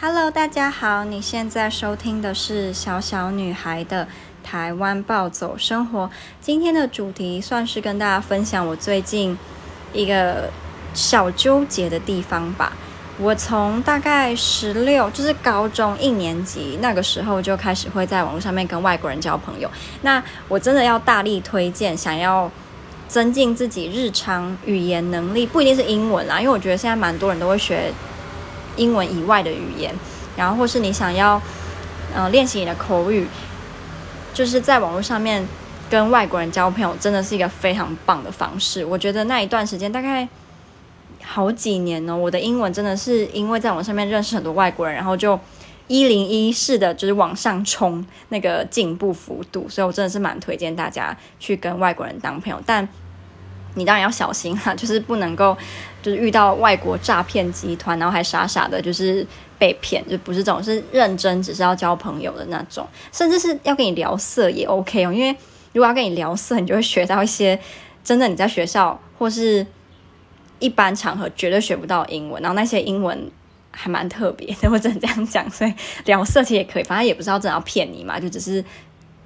Hello，大家好，你現在收聽的是小小女孩的台灣暴走生活。今天的主題算是跟大家分享我最近一個小糾結的地方吧。我從大概十六，就是高中一年級那個時候就開始會在網絡上面跟外國人交朋友。那我真的要大力推薦，想要增進自己日常語言能力，不一定是英文啦，因為我覺得現在蠻多人都會學。英文以外的語言，然後或是你想要，嗯、呃，練習你的口語，就是在網絡上面跟外國人交朋友，真的是一個非常棒的方式。我覺得那一段時間大概好幾年呢、哦，我的英文真的是因為在網上面認識很多外國人，然後就一零一式的，就是往上衝那個進步幅度，所以我真的是蠻推薦大家去跟外國人當朋友，但。你當然要小心哈，就是不能夠，就是遇到外國詐騙集團，然後還傻傻的，就是被騙，就不是這種，是認真只是要交朋友的那種，甚至是要跟你聊色也 OK 哦，因為如果要跟你聊色，你就會學到一些真的你在學校或是一般場合絕對學不到英文，然後那些英文還蠻特別的，我真的這樣講，所以聊色其實也可以，反正也不是要真的要騙你嘛，就只是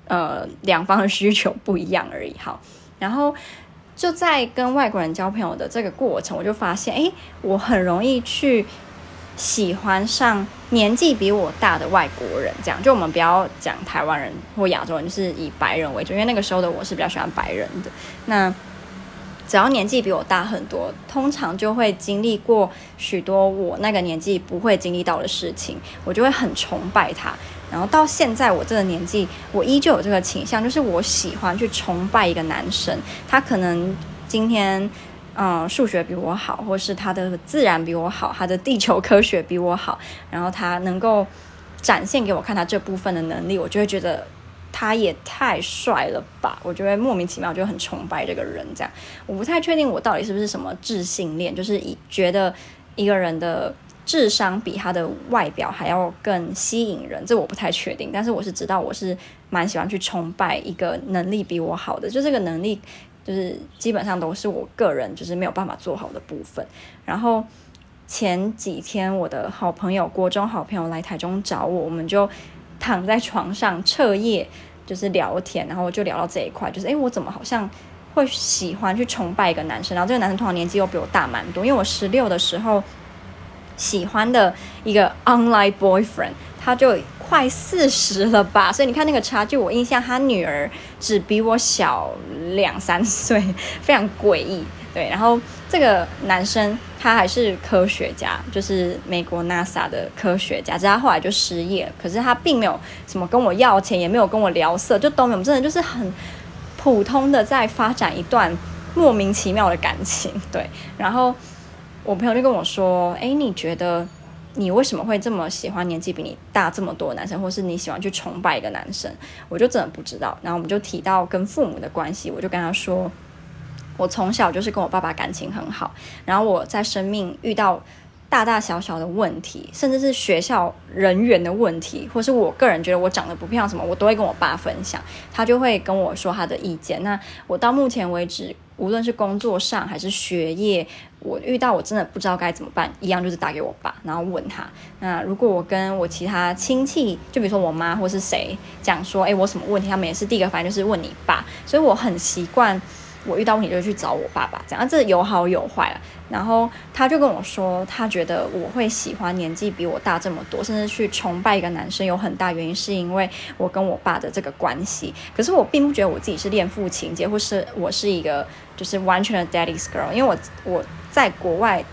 呃兩方的需求不一樣而已，好，然後。就在跟外國人交朋友的這個過程，我就發現，誒，我很容易去喜歡上年紀比我大的外國人。這樣，就我們不要講台灣人或亞洲人，就是以白人為主，因為那個時候的我是比較喜歡白人的。那只要年紀比我大很多，通常就會經歷過許多我那個年紀不會經歷到的事情，我就會很崇拜他。然後到現在我這個年紀，我依舊有這個傾向，就是我喜歡去崇拜一個男生。他可能今天，嗯、呃，數學比我好，或是他的自然比我好，他的地球科學比我好。然後他能夠展現給我看他這部分的能力，我就會覺得他也太帥了吧！我就會莫名其妙，就很崇拜這個人。這樣，我不太確定我到底是不是什麼智性戀，就是以覺得一個人的。智商比他的外表還要更吸引人，這我不太確定，但是我是知道我是蠻喜歡去崇拜一個能力比我好的，就這個能力就是基本上都是我個人就是沒有辦法做好的部分。然後前幾天我的好朋友，國中好朋友來台中找我，我們就躺在床上徹夜就是聊天，然後就聊到這一塊，就是哎，我怎麼好像會喜歡去崇拜一個男生，然後這個男生通常年紀又比我大蠻多，因為我十六的時候。喜歡的一個 online boyfriend，他就快四十了吧，所以你看那個差距，我印象他女兒只比我小兩三歲，非常詭異。對，然後這個男生他還是科學家，就是美國 NASA 的科學家，只他後來就失業了。可是他並沒有什麼跟我要錢，也沒有跟我聊色，就都沒有，真的就是很普通的在發展一段莫名其妙的感情。對，然後。我朋友就跟我說：“誒、欸，你覺得你為什麼會這麼喜歡年紀比你大這麼多男生，或是你喜歡去崇拜一個男生？我就真的不知道。”然後我們就提到跟父母的關係，我就跟他說：“我從小就是跟我爸爸感情很好，然後我在生命遇到大大小小的問題，甚至是學校人緣的問題，或是我個人覺得我長得不漂亮什麼，我都會跟我爸分享，他就會跟我說他的意見。那我到目前為止。”無論是工作上還是學業，我遇到我真的不知道該怎麼辦，一樣就是打給我爸，然後問他。那如果我跟我其他親戚，就比如說我媽或是誰，講說，誒、欸，我什麼問題，他們也是第一個反應就是問你爸，所以我很習慣。我遇到問題就去找我爸爸，這樣，啊，這有好有壞了。然後他就跟我說，他覺得我會喜歡年紀比我大這麼多，甚至去崇拜一個男生，有很大原因是因為我跟我爸的這個關係。可是我並不覺得我自己是戀父情結，或是我是一個就是完全的 daddy's girl。因為我我在國外，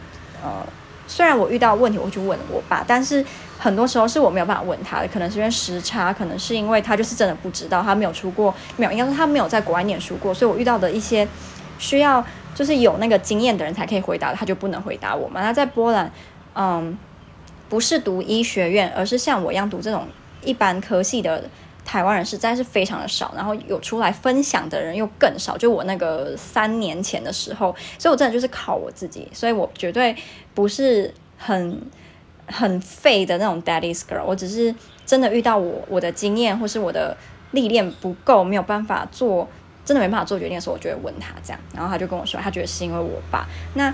呃，雖然我遇到問題我會去問我爸，但是。很多時候是我沒有辦法問他的，可能是因為時差，可能是因為他就是真的不知道，他沒有出過，沒有應該是他沒有在國外念書過，所以我遇到的一些需要就是有那個經驗的人才可以回答，他就不能回答我嘛。他在波蘭，嗯，不是讀醫學院，而是像我一樣讀這種一般科系的台灣人實在是非常的少，然後有出來分享的人又更少。就我那個三年前的時候，所以我真的就是靠我自己，所以我絕對不是很。很廢的那種 Daddy's girl，我只是真的遇到我我的經驗或是我的歷練不夠，沒有辦法做真的沒辦法做決定的時候，我就會問他這樣，然後他就跟我說，他覺得是因為我爸。那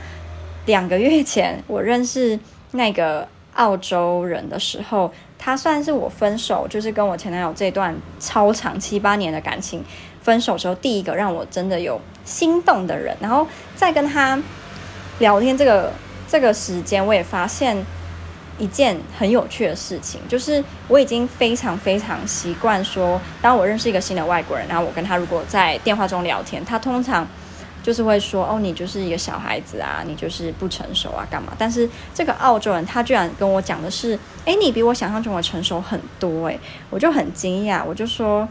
兩個月前我認識那個澳洲人的時候，他算是我分手，就是跟我前男友這段超長七八年的感情分手的時候第一個讓我真的有心動的人，然後再跟他聊天這個這個時間，我也發現。一件很有趣的事情，就是我已經非常非常習慣說，當我認識一個新的外國人，然後我跟他如果在電話中聊天，他通常就是會說，哦，你就是一個小孩子啊，你就是不成熟啊，幹嘛？但是這個澳洲人，他居然跟我講的是，哎，你比我想象中的成熟很多，欸，誒，我就很驚訝，我就說。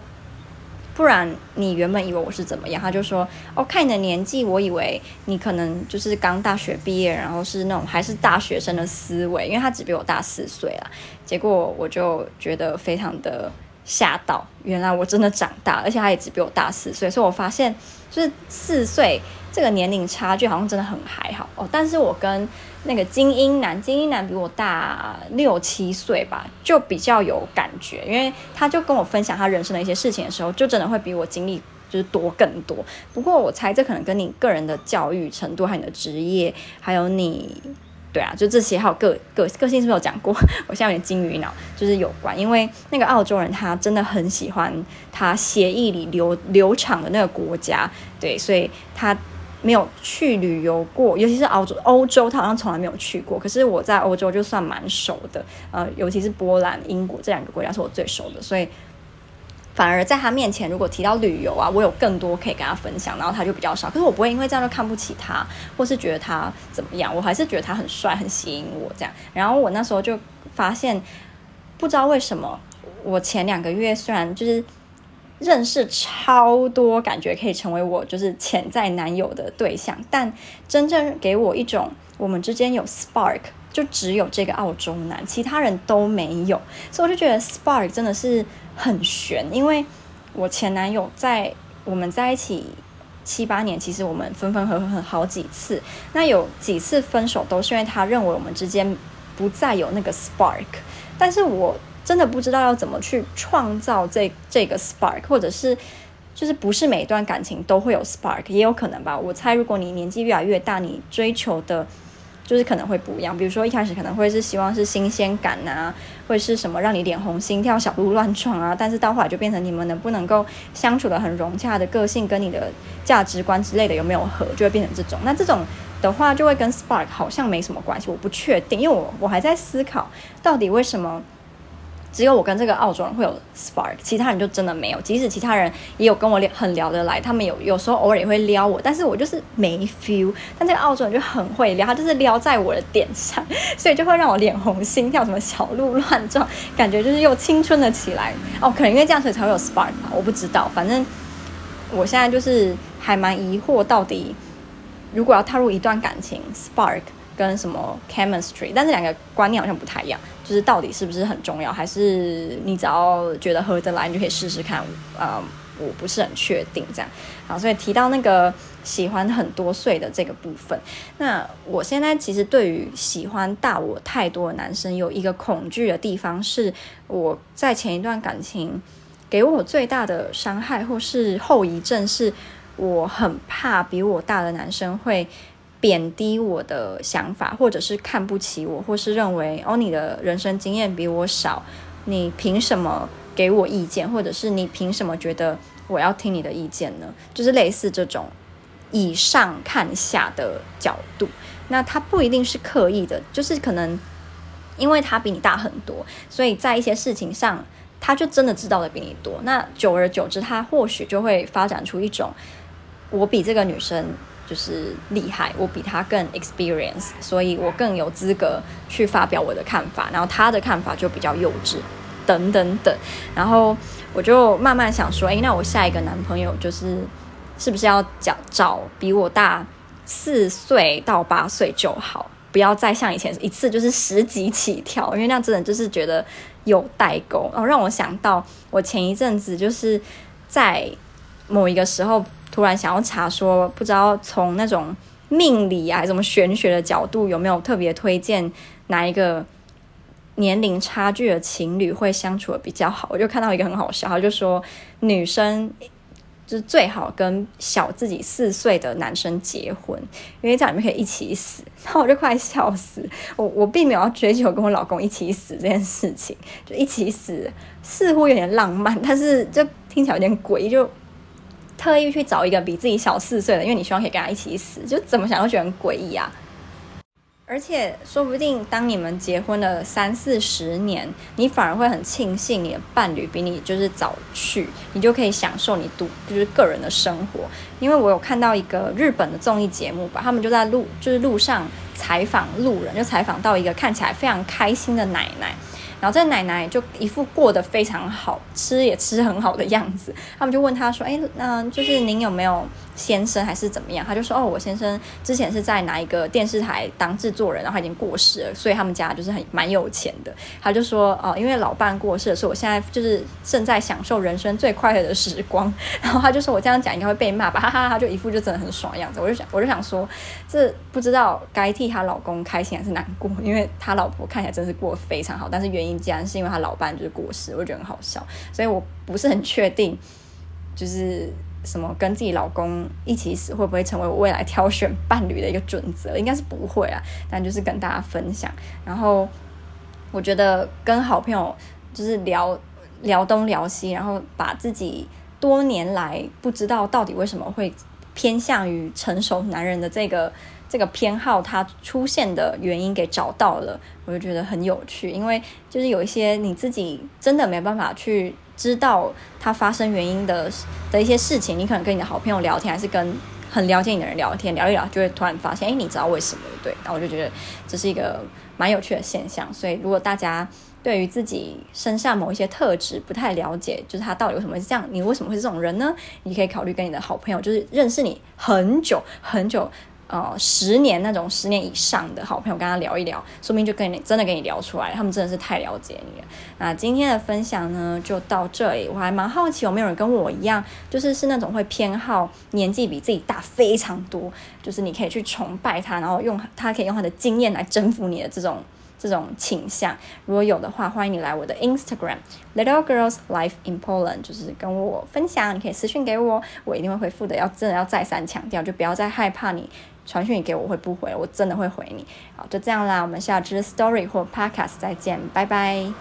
不然，你原本以為我是怎麼樣？他就說：“哦，看你的年紀，我以為你可能就是剛大學畢業，然後是那種還是大學生的思維。”因為他只比我大四歲啊，結果我就覺得非常的。嚇到！原來我真的長大，而且他也只比我大四歲，所以我發現就是四歲這個年齡差距好像真的很還好哦。但是我跟那個精英男，精英男比我大六七歲吧，就比較有感覺，因為他就跟我分享他人生的一些事情的時候，就真的會比我經歷就是多更多。不過我猜這可能跟你個人的教育程度，還有你的職業，還有你……對啊，就這些好，還有個個個性是不是有講過。我現在有點金魚腦，就是有關，因為那個澳洲人他真的很喜歡他協議裡流流場的那個國家，對，所以他沒有去旅遊過，尤其是澳洲歐洲，歐洲他好像從來沒有去過。可是我在歐洲就算蠻熟的，呃，尤其是波蘭、英國這兩個國家是我最熟的，所以。反而，在他面前，如果提到旅遊啊，我有更多可以跟他分享，然後他就比較少。可是我不會因為這樣就看不起他，或是覺得他怎麼樣，我還是覺得他很帥，很吸引我這樣。然後我那時候就發現，不知道為什麼，我前兩個月雖然就是認識超多，感覺可以成為我就是潛在男友的對象，但真正給我一種我們之間有 spark。就只有這個澳洲男，其他人都沒有，所以我就覺得 spark 真的是很玄，因為我前男友在我們在一起七八年，其實我們分分合合好幾次，那有幾次分手都是因為他認為我們之間不再有那個 spark，但是我真的不知道要怎麼去創造這這個 spark，或者是就是不是每一段感情都會有 spark，也有可能吧，我猜如果你年紀越來越大，你追求的。就是可能會不一樣，比如說一開始可能會是希望是新鮮感啊，或者是什麼讓你臉紅、心跳、小鹿亂撞啊，但是到後來就變成你們能不能夠相處得很融洽的個性跟你的價值觀之類的有沒有合，就會變成這種。那這種的話就會跟 Spark 好像沒什麼關係，我不確定，因為我我還在思考到底為什麼。只有我跟這個澳洲人會有 spark，其他人就真的沒有。即使其他人也有跟我聊很聊得來，他們有有時候偶爾也會撩我，但是我就是沒 feel。但這個澳洲人就很會撩，他就是撩在我的點上，所以就會讓我臉紅心跳，什麼小鹿亂撞，感覺就是又青春了起來哦。可能因為這樣所以才會有 spark 吧，我不知道。反正我現在就是還蠻疑惑，到底如果要踏入一段感情，spark 跟什麼 chemistry，但是兩個觀念好像不太一樣。就是到底是不是很重要，還是你只要覺得合得來，你就可以試試看。呃，我不是很確定這樣。好，所以提到那個喜歡很多歲的這個部分，那我現在其實對於喜歡大我太多的男生有一個恐懼的地方是，我在前一段感情給我最大的傷害或是後遺症，是我很怕比我大的男生會。貶低我的想法，或者是看不起我，或是認為哦，你的人生經驗比我少，你憑什麼給我意見，或者是你憑什麼覺得我要聽你的意見呢？就是類似這種以上看下的角度。那他不一定是刻意的，就是可能因為他比你大很多，所以在一些事情上，他就真的知道的比你多。那久而久之，他或許就會發展出一種我比這個女生。就是厲害，我比他更 experience，所以我更有資格去發表我的看法，然後他的看法就比較幼稚，等等等。然後我就慢慢想說，哎，那我下一個男朋友就是是不是要找找比我大四歲到八歲就好，不要再像以前一次就是十幾起跳，因為那真的就是覺得有代溝。然後讓我想到，我前一陣子就是在某一個時候。突然想要查說，不知道從那種命理啊，什麼玄學的角度，有沒有特別推薦哪一個年齡差距的情侶會相處的比較好？我就看到一個很好笑，就說女生就是最好跟小自己四歲的男生結婚，因為這樣你們可以一起死。然後我就快笑死，我我並沒有要追求跟我老公一起死這件事情，就一起死似乎有點浪漫，但是就聽起來有點詭異就。特意去找一個比自己小四歲的，因為你希望可以跟他一起死，就怎麼想都覺得很詭異啊！而且說不定當你們結婚了三四十年，你反而會很慶幸你的伴侶比你就是早去，你就可以享受你獨就是個人的生活。因為我有看到一個日本的綜藝節目吧，他們就在路就是路上採訪路人，就採訪到一個看起來非常開心的奶奶。然後這奶奶就一副過得非常好吃也吃很好的樣子，他們就問他說：“哎，那、呃、就是您有沒有？”先生還是怎麼樣？他就說：“哦，我先生之前是在哪一個電視台當製作人，然後他已經過世了，所以他們家就是很蠻有錢的。”他就說：“哦，因為老伴過世了，所以我現在就是正在享受人生最快樂的時光。”然後他就說：“我這樣講應該會被罵吧？”哈哈哈，哈！他就一副就真的很爽的樣子。我就想，我就想說，這不知道該替他老公開心還是難過，因為他老婆看起來真是過得非常好，但是原因竟然是因為他老伴就是過世，我覺得很好笑，所以我不是很確定，就是。什麼跟自己老公一起死，會不會成為我未來挑選伴侶的一個準則？應該是不會啊，但就是跟大家分享。然後我覺得跟好朋友就是聊聊東聊西，然後把自己多年來不知道到底為什麼會偏向於成熟男人的這個這個偏好，它出現的原因給找到了，我就覺得很有趣。因為就是有一些你自己真的沒辦法去。知道它發生原因的的一些事情，你可能跟你的好朋友聊天，還是跟很了解你的人聊天，聊一聊就會突然發現，誒，你知道為什麼？對，那我就覺得這是一個蠻有趣的現象。所以，如果大家對於自己身上某一些特質不太了解，就是他到底為什麼會是這樣，你為什麼會是這種人呢？你可以考慮跟你的好朋友，就是認識你很久很久。哦、呃，十年那種十年以上的好朋友跟他聊一聊，說不定就跟你真的跟你聊出來，他們真的是太了解你了。那今天的分享呢，就到這裡。我還蠻好奇有沒有人跟我一樣，就是是那種會偏好年紀比自己大非常多，就是你可以去崇拜他，然後用他，他可以用他的經驗來征服你的這種這種傾向。如果有的話，歡迎你來我的 Instagram Little Girls Life in Poland，就是跟我分享。你可以私信給我，我一定會回覆的。要真的要再三強調，就不要再害怕你。傳訊給我，我會不回，我真的會回你。好，就這樣啦，我們下支 Story 或 Podcast 再見，拜拜。